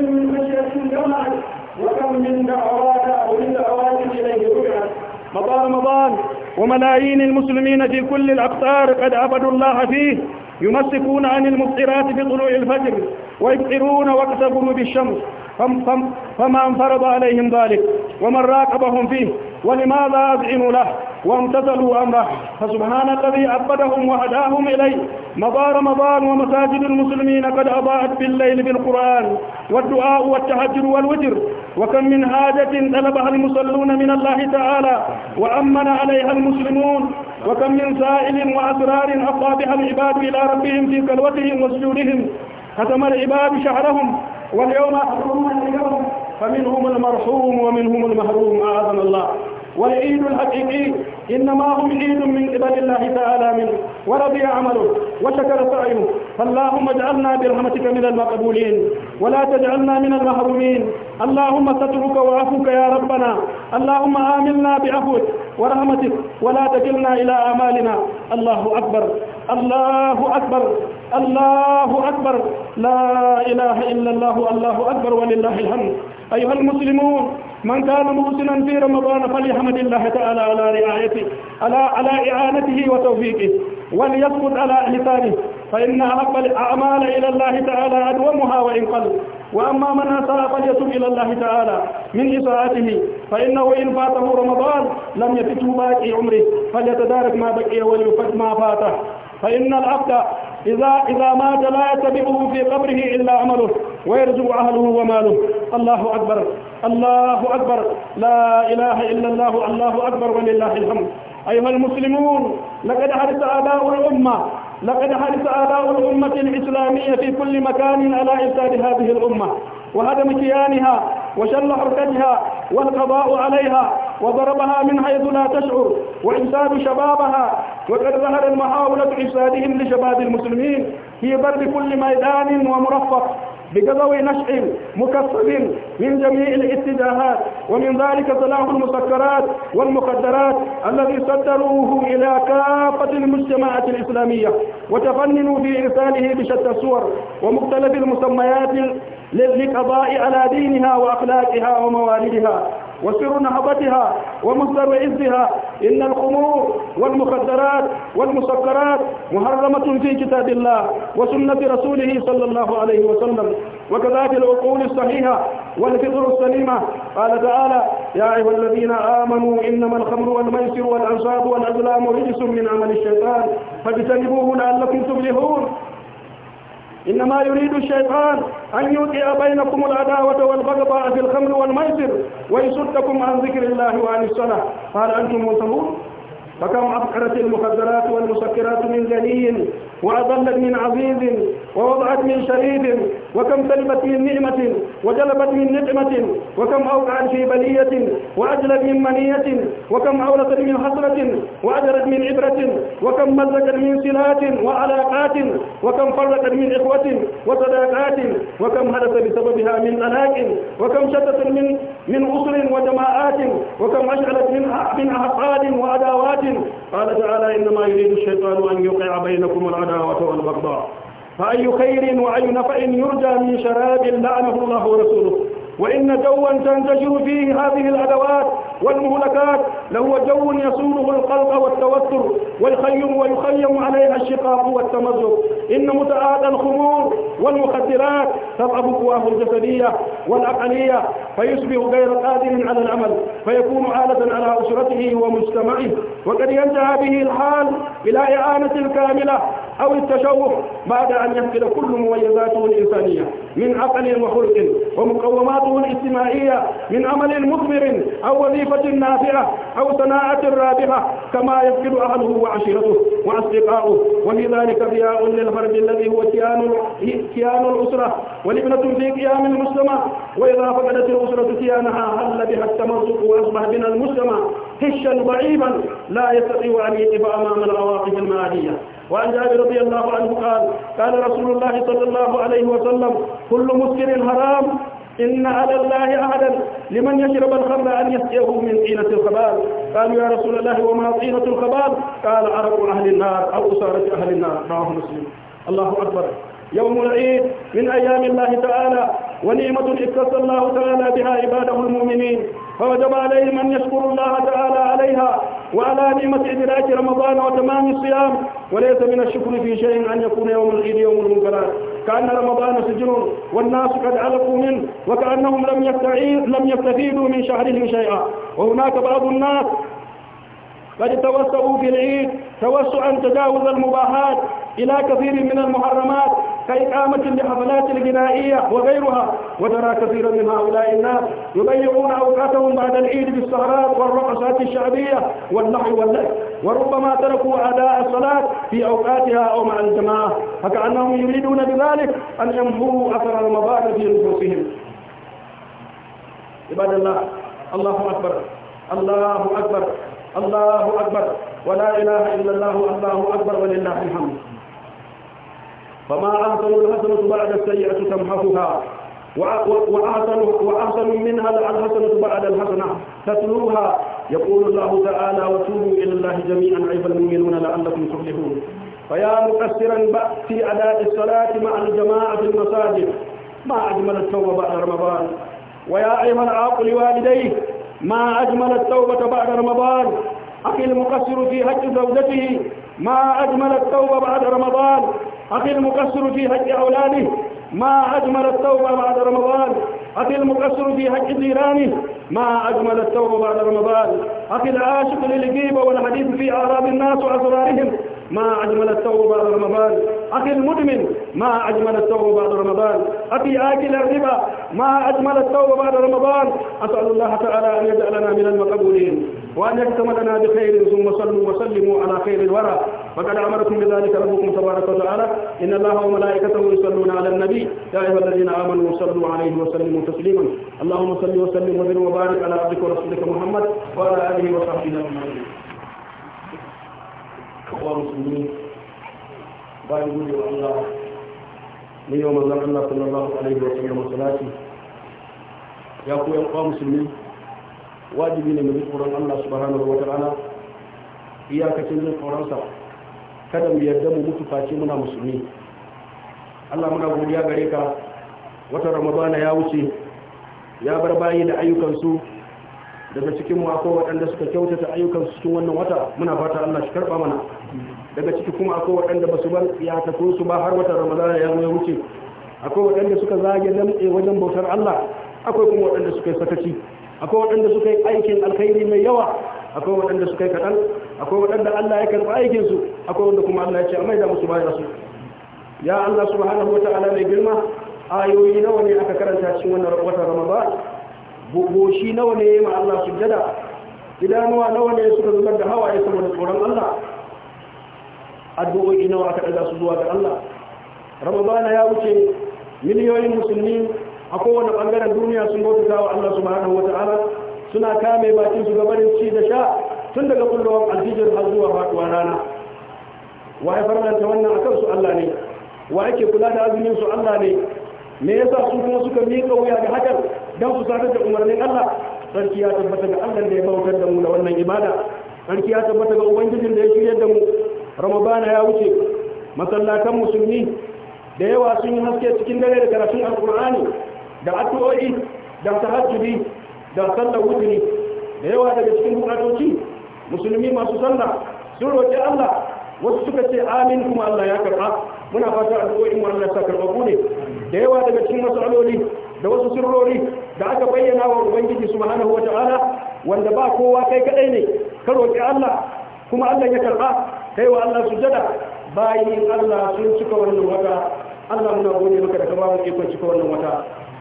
من مشية جمعت وكم من دعوات أو من دعوات إليه رجعت رمضان وملايين المسلمين في كل الأقطار قد عبدوا الله فيه يمسكون عن المفطرات بطلوع الفجر ويفطرون وقت غروب الشمس فمن فرض عليهم ذلك ومن راقبهم فيه ولماذا أذعن له وامتثلوا أمره فسبحان الذي عبدهم وهداهم إليه مضى رمضان ومساجد المسلمين قد أضاءت بالليل بالقرآن والدعاء والتهجر والوتر وكم من حاجة طلبها المصلون من الله تعالى وأمن عليها المسلمون وكم من سائل وأسرار أفضى بها العباد إلى ربهم في كلوتهم وسجودهم ختم العباد شعرهم واليوم أحضرون اليوم فمنهم المرحوم ومنهم المهروم أعاذنا الله والعيد الحقيقي إنما هم عيد من قبل الله تعالى منه ورضي عمله وشكر سعيه فاللهم اجعلنا برحمتك من المقبولين ولا تجعلنا من المحرومين اللهم سترك وعفوك يا ربنا اللهم آمنا بعفوك ورحمتك ولا تكلنا إلى آمالنا الله أكبر الله أكبر الله أكبر لا إله إلا الله الله أكبر ولله الحمد أيها المسلمون من كان محسنا في رمضان فليحمد الله تعالى على رعايته على على إعانته وتوفيقه وليسقط على لسانه فإن أحب الأعمال إلى الله تعالى أدومها وإن قل وأما من أساء فليتب إلى الله تعالى من إساءته فإنه إن فاته رمضان لم يفته باقي عمره فليتدارك ما بقي وليفت ما فاته فإن العبد إذا, إذا مات لا يتبعه في قبره إلا عمله ويرزق أهله وماله الله أكبر الله أكبر لا إله إلا الله الله أكبر ولله الحمد أيها المسلمون لقد حدث آباء الأمة لقد حرص آباء الأمة الإسلامية في كل مكان على إفساد هذه الأمة وهدم كيانها وشل حركتها والقضاء عليها وضربها من حيث لا تشعر وإنسان شبابها وقد ظهر المحاولة إفسادهم لشباب المسلمين في ضرب كل ميدان ومرفق بجذو نشع مكثف من جميع الاتجاهات ومن ذلك سلاح المسكرات والمخدرات الذي صدروه إلى كافة المجتمعات الإسلامية وتفننوا في إرساله بشتى الصور ومختلف المسميات للقضاء على دينها وأخلاقها ومواردها وسر نهضتها ومصدر عزها إن الخمور والمخدرات والمسكرات محرمة في كتاب الله وسنة رسوله صلى الله عليه وسلم وكذلك العقول الصحيحة والفطر السليمة قال تعالى يا أيها الذين آمنوا إنما الخمر والميسر والأنصاب والأزلام رجس من عمل الشيطان فاجتنبوه لعلكم تفلحون إنما يريد الشيطان أن يوقع بينكم العداوة والبغضاء في الخمر والميسر ويصدكم عن ذكر الله وعن الصلاة فهل أنتم منتهون فكم عبقرة المخدرات والمسكرات من دليل وأضلت من عزيز ووضعت من شريد وكم سلبت من نعمة وجلبت من نقمة وكم أوقعت في بلية وأجلت من منية وكم أولت من حسرة وأجرت من عبرة وكم مزقت من صلات وعلاقات وكم فرقت من إخوة وصداقات وكم هدث بسببها من أناك وكم شتت من من أسر وجماعات وكم أشغلت من من أحقاد وعداوات قال تعالى إنما يريد الشيطان أن يوقع بينكم العداوة والبغضاء فأي خير وأي نفع يرجى من شراب لعنه الله ورسوله وإن جوا تنتشر فيه هذه الأدوات والمهلكات لهو جو يصونه القلق والتوتر ويخيم ويخيم عليها الشقاق والتمزق إن متعاطى الخمور والمخدرات تضعف قواه الجسدية والعقلية فيصبح غير قادر على العمل فيكون عالة على أسرته ومجتمعه وقد ينتهى به الحال إلى إعانة كاملة أو التشوه بعد أن يفقد كل مميزاته الإنسانية من عقل وخلق ومقوماته الاجتماعية من عمل مثمر أو وظيفة نافعة أو صناعة رابحة كما يفقد أهله وعشيرته وأصدقاؤه وفي ذلك ضياء للفرد الذي هو كيان كيان الأسرة ولبنة في قيام المجتمع وإذا فقدت الأسرة كيانها هل بها التمزق وأصبح بنا المجتمع هشا ضعيفا لا يستطيع أن يقف أمام العواقب المالية وعن جابر رضي الله عنه قال قال رسول الله صلى الله عليه وسلم كل مسكر حرام إن على الله أحدا لمن يشرب الخمر أن يسقيه من طينة الخبال قالوا يا رسول الله وما طينة الخبال قال عرب أهل النار أو أسارة أهل النار رواه مسلم الله أكبر يوم العيد من أيام الله تعالى ونعمة اختص الله تعالى بها عباده المؤمنين فوجب عليهم أن يشكروا الله تعالى عليها وعلى نعمة إدراك رمضان وتمام الصيام وليس من الشكر في شيء أن يكون يوم العيد يوم المنكرات كأن رمضان سجن والناس قد علقوا منه وكأنهم لم لم يستفيدوا من شهرهم شيئا وهناك بعض الناس قد توسعوا في العيد توسعا تجاوز المباحات إلى كثير من المحرمات كإقامة لحفلات الجنائية وغيرها وترى كثيرا من هؤلاء الناس يضيعون أوقاتهم بعد العيد بالسهرات والرقصات الشعبية والنحو واللهو وربما تركوا أداء الصلاة في أوقاتها أو مع الجماعة فكأنهم يريدون بذلك أن يمحوا أثر المبادئ في نفوسهم عباد الله الله أكبر الله أكبر الله أكبر ولا إله إلا الله الله أكبر ولله الحمد فما أحسن الحسنة بعد السيئة تمحصها وأحسن وأحسن منها الحسنة بعد الحسنة تتلوها يقول الله تعالى وتوبوا إلى الله جميعا أيها المؤمنون لعلكم تفلحون فيا مقصرا في أداء الصلاة مع الجماعة في المساجد ما أجمل التوبة بعد رمضان ويا أيها العاق لوالديه ما أجمل التوبة بعد رمضان أخي المقصر في حج زوجته ما أجمل التوبة بعد رمضان أخي المقصر في حج أولاده ما أجمل التوبة بعد رمضان أخي المقصر في حج جيرانه ما أجمل التوبة بعد رمضان أخي العاشق للجيب والحديث في أعراب الناس وأسرارهم ما أجمل التوبة بعد رمضان أخي المدمن ما أجمل التوبة بعد رمضان أخي آكل الربا ما أجمل التوبة بعد رمضان أسأل الله تعالى أن يجعلنا من المقبولين وأن يكتم لنا بخير ثم صلوا وسلموا على خير الورى وقد أمركم بذلك ربكم تبارك وتعالى إن الله وملائكته يصلون على النبي يا أيها الذين آمنوا صلوا عليه وسلموا تسليما اللهم صل وسلم وبارك على عبدك ورسولك محمد وعلى آله وصحبه أجمعين wa musulmi bayan gode wa Allah ne yau mazan Allah sallallahu alaihi wa sallam salati ya ku yan musulmi wajibi ne mu ji tsoron Allah subhanahu wa ta'ala iyakacin jin tsoronsa kada mu yarda mu mutu face muna musulmi Allah muna godiya gare ka wata ramadana ya wuce ya bar bayi da ayyukansu daga cikin mu akwai waɗanda suka kyautata ayyukan su cikin wannan wata muna fata Allah shi karɓa mana daga ciki kuma akwai waɗanda basu bar iyakatun su ba har wata Ramadan ya zo ya wuce akwai waɗanda suka zage lamɗe wajen bautar Allah akwai kuma waɗanda suka yi sakaci akwai waɗanda suka yi aikin alkhairi mai yawa akwai waɗanda suka yi kaɗan akwai waɗanda Allah ya karɓi aikin su akwai wanda kuma Allah ya ce a maida musu baya su ya Allah subhanahu wa ta'ala mai girma ayoyi nawa ne aka karanta cikin wannan watan Ramadan bugoshi nawa ne ya ma Allah sujjada idanuwa nawa ne suka zubar da hawaye saboda tsoron Allah addu'o'i nawa aka daga su zuwa ga Allah ramadana ya wuce miliyoyin musulmi a kowane bangaren duniya sun bautata wa Allah subhanahu ta'ala suna kame bakin su gabanin ci da sha tun daga kullum aljijir har zuwa faduwa rana wa ya farlanta wannan akan su Allah ne wa yake kula da azumin su Allah ne me yasa su kuma suka miƙa wuya ga hakan don ku sadar da umarnin Allah sarki ya tabbata ga Allah da ya bautar da mu da wannan ibada sarki ya tabbata ga ubangijin da ya shirya da mu ramadan ya wuce masallatan musulmi da yawa sun yi haske cikin dare da karatun alkur'ani da addu'o'i da tahajjudi da sallar wuturi da yawa daga cikin bukatoci musulmi masu sallah sun roƙi Allah wasu suka ce amin kuma Allah ya karɓa muna fata addu'o'in mu Allah ya karɓa ku ne da yawa daga cikin masaloli da wasu sirrori da aka bayyana wa ubangiji subhanahu ta'ala wanda ba kowa kai kadai ne ka roki Allah kuma Allah ya karba kai wa Allah sujada bayin Allah sun cika wannan wata Allah muna gode maka da ka ba mu ikon cika wannan wata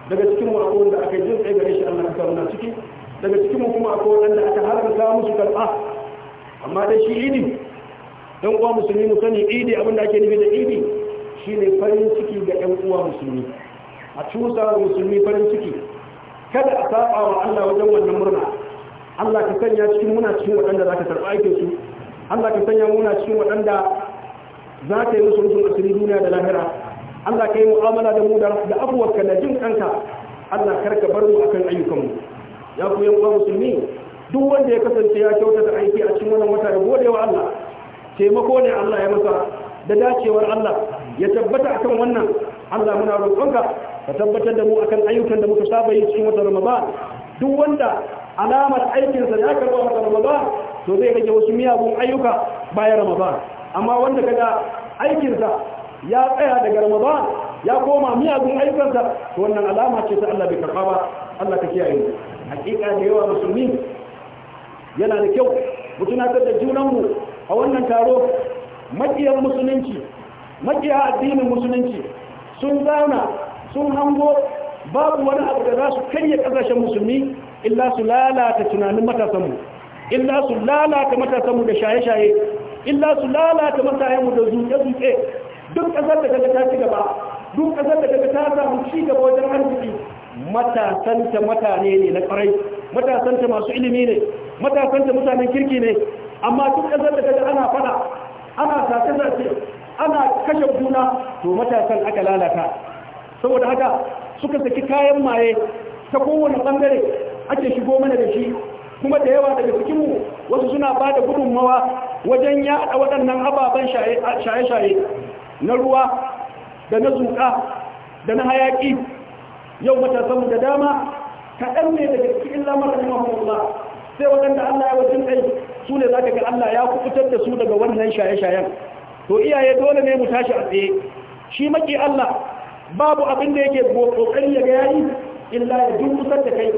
daga cikin mu akwai wanda aka jin tsaye gare shi Allah ka muna ciki daga cikin mu kuma akwai wanda aka haramta musu karba amma dai shi idi dan uwa musulmi mu sani idi abinda ake nufi da idi shine farin ciki ga ɗan uwa musulmi a cusa wa musulmi farin ciki kada a saba wa Allah wajen wannan murna Allah ka sanya cikin muna cikin waɗanda za ka karɓi aikinsu Allah ka sanya muna cikin waɗanda za ta yi musu rufin asiri duniya da lahira Allah ka yi mu'amala da mu da abuwarka da jin kanka Allah karka bar mu akan ayyukanmu ya ku yan musulmi duk wanda ya kasance ya kyautata aiki a cikin wannan wata ya gode wa Allah taimako ne Allah ya masa da dacewar Allah ya tabbata akan wannan Allah muna roƙonka ka tabbatar da mu akan ayyukan da muka saba yi cikin watan ramadan duk wanda alamar aikinsa ya karba watan ramadan to zai rage wasu miyagun ayyuka bayan ramadan amma wanda kaga aikinsa ya tsaya daga ramadan ya koma miyagun ayyukansa to wannan alama ce ta Allah bai karba ba Allah ka kiyaye mu hakika da yawa musulmi yana da kyau mu tunatar da junanmu a wannan taro makiyar musulunci makiya addinin musulunci sun zauna sun hango babu wani abu da za su karya kasashen musulmi illa su lalata tunanin matasanmu illa su lalata matasanmu da shaye-shaye illa su lalata matayenmu da zuke-zuke duk kasar da daga ta ci gaba duk kasar da daga ta samu ci gaba wajen arziki matasanta mutane ne na kwarai matasanta masu ilimi ne matasanta mutanen kirki ne amma duk kasar da daga ana fada ana sace-sace ana kashe juna to matasan aka lalata saboda haka suka saki kayan maye ta kowane bangare ake shigo mana da shi kuma da yawa daga cikinmu wasu suna ba da gudunmawa wajen yaɗa waɗannan ababen shaye-shaye na ruwa da na zuƙa da na hayaƙi yau matasanmu da dama kaɗan ne daga cikin lamarin mahimmanla sai waɗanda allah ya wajen ɗai su ne za ka ga allah ya kubutar da su daga wannan shaye-shayen to iyaye dole ne mu tashi a tsaye shi maki allah babu abin da yake kokari ya ga illa ya dunkusar da kai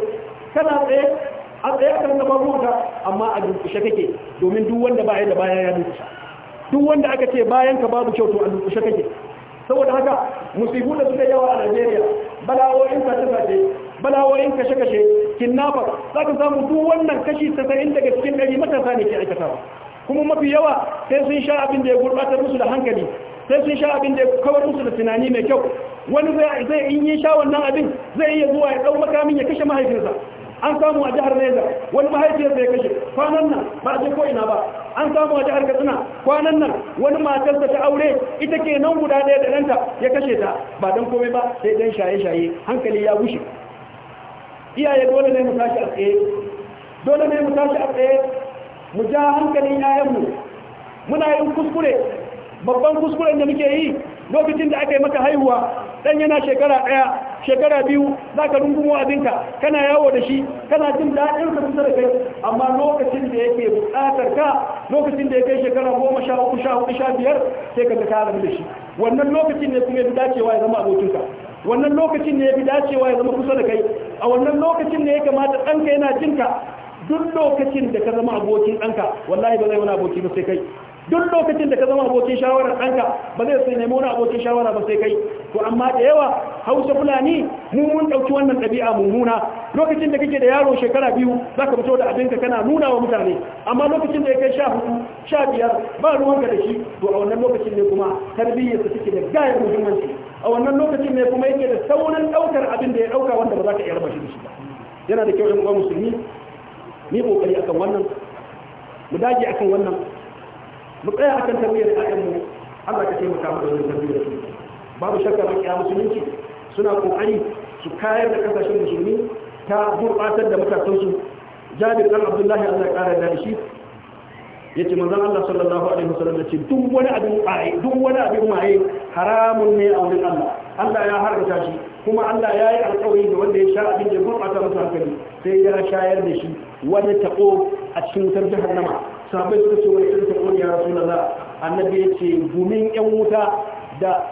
kana tsaye a tsaye kan babuka amma a dunkushe kake domin duk wanda baya da baya ya dunkusha duk wanda aka ce bayan ka babu kyau to a dunkushe kake saboda haka musibu da suka yawa a Najeriya bala'o'in ka tsaka ce bala'o'in kashe kashe Za ka samu duk wannan kashi in daga cikin ɗari matasa ne ke aikatawa kuma mafi yawa sai sun sha abin da ya gurbatar musu da hankali sai sun sha abin da ya kawar musu da tunani mai kyau wani zai in yi sha wannan abin zai iya zuwa ya ɗau makamin ya kashe mahaifinsa an samu a jihar Neja wani mahaifinsa ya kashe kwanan nan ba ce ko ina ba an samu a jihar Katsina kwanan nan wani matarsa ta aure ita ke nan guda ɗaya da ɗanta ya kashe ta ba don komai ba sai dan shaye-shaye hankali ya bushe iyaye dole ne mu tashi a tsaye dole ne mu tashi a tsaye mu ja hankalin yayanmu muna yin kuskure babban kuskuren da muke yi lokacin da aka yi maka haihuwa dan yana shekara daya shekara biyu za ka rungumo abinka kana yawo da shi kana jin daɗin ka kusa da kai amma lokacin da yake buƙatar ka lokacin da ya kai shekara goma sha uku sha hudu sha biyar sai ka ka rabu da shi wannan lokacin ne kuma ya fi dacewa ya zama abokinka wannan lokacin ne ya fi dacewa ya zama kusa da kai a wannan lokacin ne ya kamata ɗanka yana jinka duk lokacin da ka zama abokin ɗanka wallahi ba zai wani aboki ba sai kai duk lokacin da ka zama abokin shawarar ɗanka ba zai sai nemo wani abokin shawara ba sai kai to amma da yawa hausa fulani mu mun ɗauki wannan ɗabi'a mummuna lokacin da kake da yaro shekara biyu za ka fito da abinka kana nuna wa mutane amma lokacin da ya kai sha hudu sha biyar ba ruwanka da shi to a wannan lokacin ne kuma tarbiyyarsa take da gayar muhimmanci a wannan lokacin ne kuma yake da saurin ɗaukar abin da ya ɗauka wanda ba za ka iya raba shi da shi ba yana da kyau ɗan uwa musulmi ni kokari akan wannan mu dage akan wannan mu tsaya akan tarbiyyar ƴaƴanmu Allah ka taimaka mu da tarbiyyar su babu shakka ba musulunci suna kokari su kayar da kasashen musulmi ta gurbatar da matasansu jabir dan abdullahi Allah ya kara da shi yace manzon Allah sallallahu alaihi wasallam yace duk wani abin duk wani abin maye haramun ne a wurin Allah Allah ya haramta shi kuma Allah ya yi alƙawari da wanda ya sha abin da gurbata masa hankali sai ya shayar da shi wani tako a cikin wutar jahannama sahabbai suka ce wani irin ya rasu na za, annabi ya ce gumin yan wuta da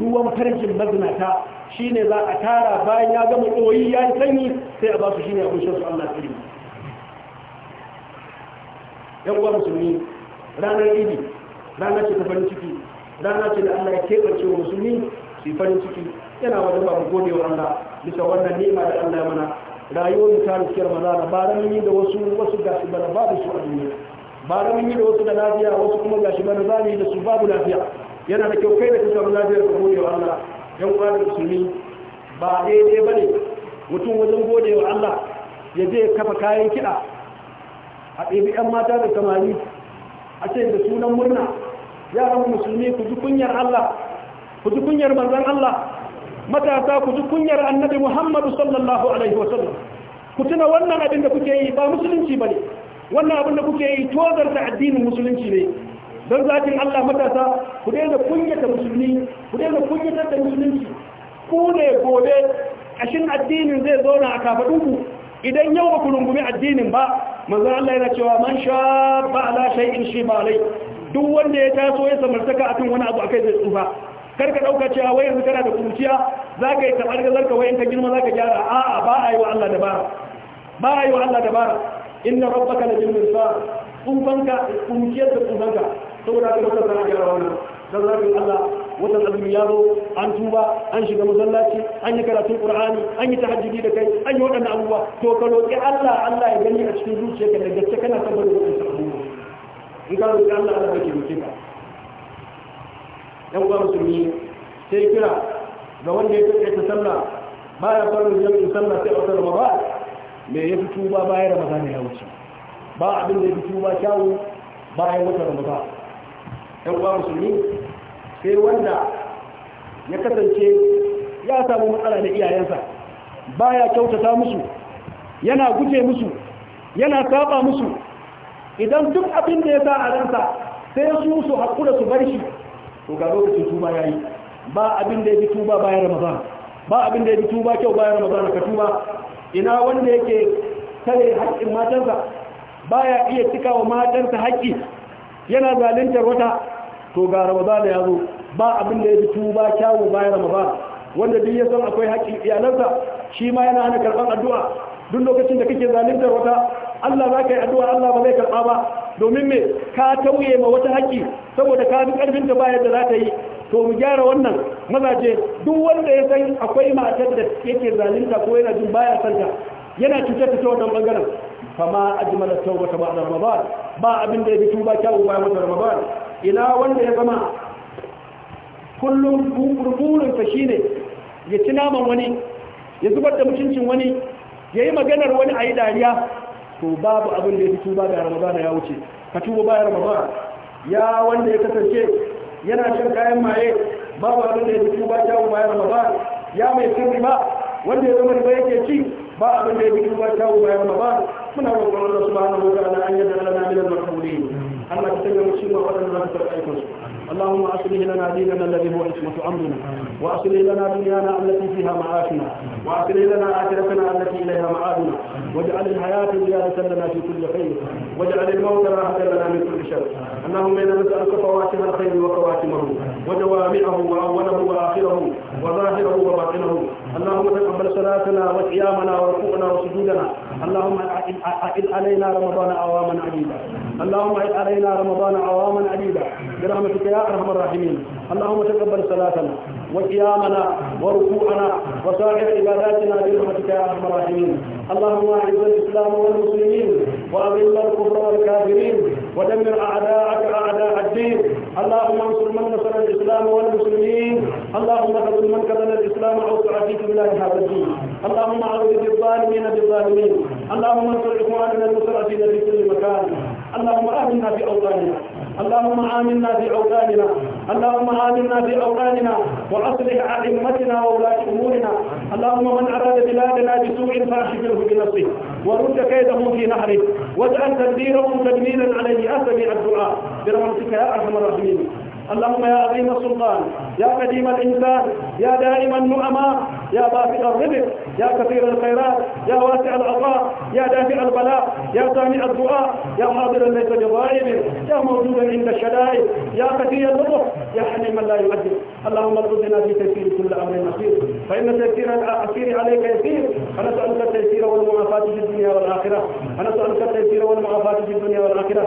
ruwan farkin mazinata shi ne za a tara bayan ya gama ɗoyi ya yi sanyi sai a ba su ne abin shansu Allah tsiri yan uwa musulmi ranar idi rana ce ta farin ciki rana ce da Allah ya keɓance wa musulmi su farin ciki yana wajen ba mu gode wa Allah bisa wannan nema da Allah mana rayuwar mutane ta rikiyar maza ranar yi da wasu wasu gasu bana babu su a duniya ba da mun yi da wasu da lafiya wasu kuma gashi mana za mu yi da su babu lafiya yana da kyau kai da kusa samu lafiyar ka gode wa Allah yan uwa da musulmi ba daidai bane mutum wajen gode wa Allah ya je kafa kayan kiɗa a ɗebi 'yan mata da samari a ce da sunan murna yaran musulmi ku ji kunyar Allah ku ji kunyar manzon Allah matasa ku ji kunyar annabi Muhammadu sallallahu alaihi wasallam ku tuna wannan abin da kuke yi ba musulunci bane wannan abin da kuke yi tozarta addinin musulunci ne don zakin Allah matasa ku daina kunyata musulmi ku daina kunyatar da musulunci ku ne gobe ashin addinin zai zauna a kafadunku idan yau ba ku rungumi addinin ba manzon Allah yana cewa man sha ba ala shay'in shi ba alai duk wanda ya taso ya samartaka akan wani abu akai zai tsufa kar ka dauka cewa wai yanzu kana da kuruciya zaka yi tabar gazar zarka, wayan ka girma zaka gyara a'a ba a yi wa Allah dabara ba a yi wa Allah dabara إن ربك لجل الفار قم بنك قم كيد قم بنك تقول لك ربك سنة جل وعلا جزاك الله وطن أبو مياهو عن توبة عن شكا مزلاتي عن يكرا في القرآن عن يتحجي بيدك عن يوعن أبوه توكلو يا الله الله يجني أشتر روشيك اللي جدتك أنا تبر روحي سأبوه إن قالوا يا الله الله يجني روشيك يا مقام سلمين سيكرا لو أن يتسلى ما يصل من يوم يسلى سيئة المرأة me ya fito ba bayan ramazan ya wuce ba abin da ya fito ba kyawu bayan wata ramadan ɗan ba musulmi sai wanda ya kasance ya samu matsala da iyayensa ba ya kyautata musu yana guje musu yana saba musu idan duk abin da ya sa a ransa sai su su da su bar shi to ga lokacin tuba ya yi ba abin da ya fi tuba bayan ramazan ba abin da ya fi tuba kyau bayan ramazan ka tuba ina wanda yake kare haƙƙin matansa ba ya iya cika wa matansa haƙƙi yana zaluntar wata to ga ramadan ya zo ba abin da ya fi tuba kyawu bayan ramadan wanda duk ya san akwai haƙƙin iyalansa shi ma yana hana karɓar addu'a duk lokacin da kake zaluntar wata Allah za ka yi addu'a Allah ba zai karɓa ba domin me ka tauye ma wata haƙƙi saboda ka bi ƙarfinta ba yadda za ta yi to mu gyara wannan mazaje duk wanda ya san akwai matar da yake zalunta ko yana jin baya santa yana cutar ta ta wannan bangaren ma ajmala ta ba'da ramadan ba abin da ya bi tuba kyawu bayan mutar ramadan ina wanda ya zama kullum burin fa shine ya ci naman wani ya zubar da mutuncin wani ya yi maganar wani a yi dariya to babu abin da ya fi tuba da ramadan ya wuce ka tuba bayan ramadan ya wanda ya kasance yana shan kayan maye babu abin da ya fi ba kyawun bayan ramadan ya mai cin riba wanda ya zama riba yake ci ba abin da ya fi ba kyawun bayan ramadan muna roƙon Allah subhanahu wa ta'ala an yadda lana min al-maghfurun Allah ka sanya mu cikin waɗanda aikin su اللهم أصلح لنا ديننا الذي هو عصمة أمرنا وأصلح لنا دنيانا التي فيها معاشنا وأصلح لنا آخرتنا التي إليها معادنا واجعل الحياة زيادة لنا في كل خير واجعل الموت راحة لنا من كل شر اللهم إنا نسألك فواتح الخير وخواتمه وجوامعه وأوله وآخره وظاهره وباطنه اللهم تقبل صلاتنا وقيامنا وركوعنا وسجودنا اللهم اجعل علينا رمضان عواما عديدا اللهم اجعل علينا رمضان عواما عديدا برحمتك يا ارحم الراحمين اللهم تقبل صلاتنا وقيامنا وركوعنا وسائر عباداتنا برحمتك يا ارحم الراحمين اللهم اعز الاسلام والمسلمين واذل الكفر والكافرين ودمر أعداءك أعداء الدين اللهم انصر من نصر الإسلام والمسلمين اللهم خذل من خذل الإسلام أوسع في بلاد هذا الدين اللهم أعوذ بالظالمين بالظالمين اللهم انصر إخواننا المسرعين في كل مكان اللهم أهلنا في أوطاننا اللهم آمنا في أوطاننا اللهم آمنا في أوطاننا وأصلح أئمتنا وولاة أمورنا اللهم من أراد بلادنا بسوء فأشغله بنفسه ورد كيده في نحره واجعل تدبيره تدميرا عليه أسمع الدعاء برحمتك يا أرحم الراحمين اللهم يا عظيم السلطان يا قديم الإنسان يا دائم النعماء يا باسط الرزق يا كثير الخيرات يا واسع العطاء يا دافع البلاء يا سامع الدعاء يا حاضرا ليس بغائب يا موجودا عند الشدائد يا كثير اللطف يا حليما لا يؤدب اللهم ارزقنا في تيسير كل امر مسير فان تيسير العسير عليك يسير فنسالك التيسير والمعافاه في الدنيا والاخره فنسالك التيسير والمعافاه في الدنيا والاخره